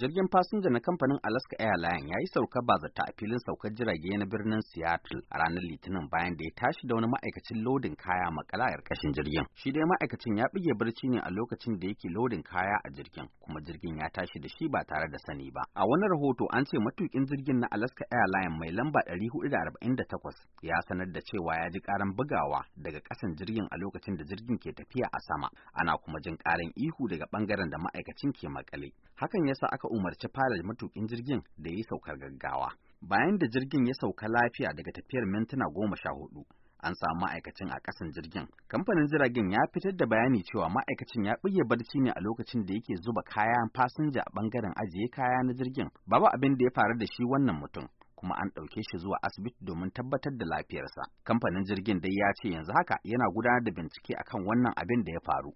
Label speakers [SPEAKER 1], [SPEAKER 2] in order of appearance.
[SPEAKER 1] jirgin fasinja na kamfanin Alaska Airlines ya yi sauka bazata a filin saukar jirage na birnin Seattle a ranar Litinin bayan da ya tashi da wani ma'aikacin lodin kaya makala a ƙarƙashin jirgin. Shi dai ma'aikacin ya bige barci ne a lokacin da yake lodin kaya a jirgin, kuma jirgin ya tashi da shi ba tare da sani ba. A wani rahoto an ce matukin jirgin na Alaska Airlines mai lamba 448 ya sanar da cewa ya ji karan bugawa daga ƙasan jirgin a lokacin da jirgin ke tafiya a sama. Ana kuma jin karan ihu daga ɓangaren da ma'aikacin ke makale. Hakan yasa aka umarci pilot matukin jirgin da ya yi saukar gaggawa. Bayan da jirgin ya sauka lafiya daga tafiyar mintuna goma sha hudu, an samu ma'aikacin a kasan jirgin. Kamfanin jiragen ya fitar da bayani cewa ma'aikacin ya buge barci ne a lokacin da yake zuba kayan fasinja a ɓangaren ajiye kaya na jirgin. Babu abin da ya faru da shi wannan mutum. kuma an ɗauke shi zuwa asibiti domin tabbatar da lafiyarsa. Kamfanin jirgin dai ya ce yanzu haka yana gudanar da bincike akan wannan
[SPEAKER 2] abin da ya faru.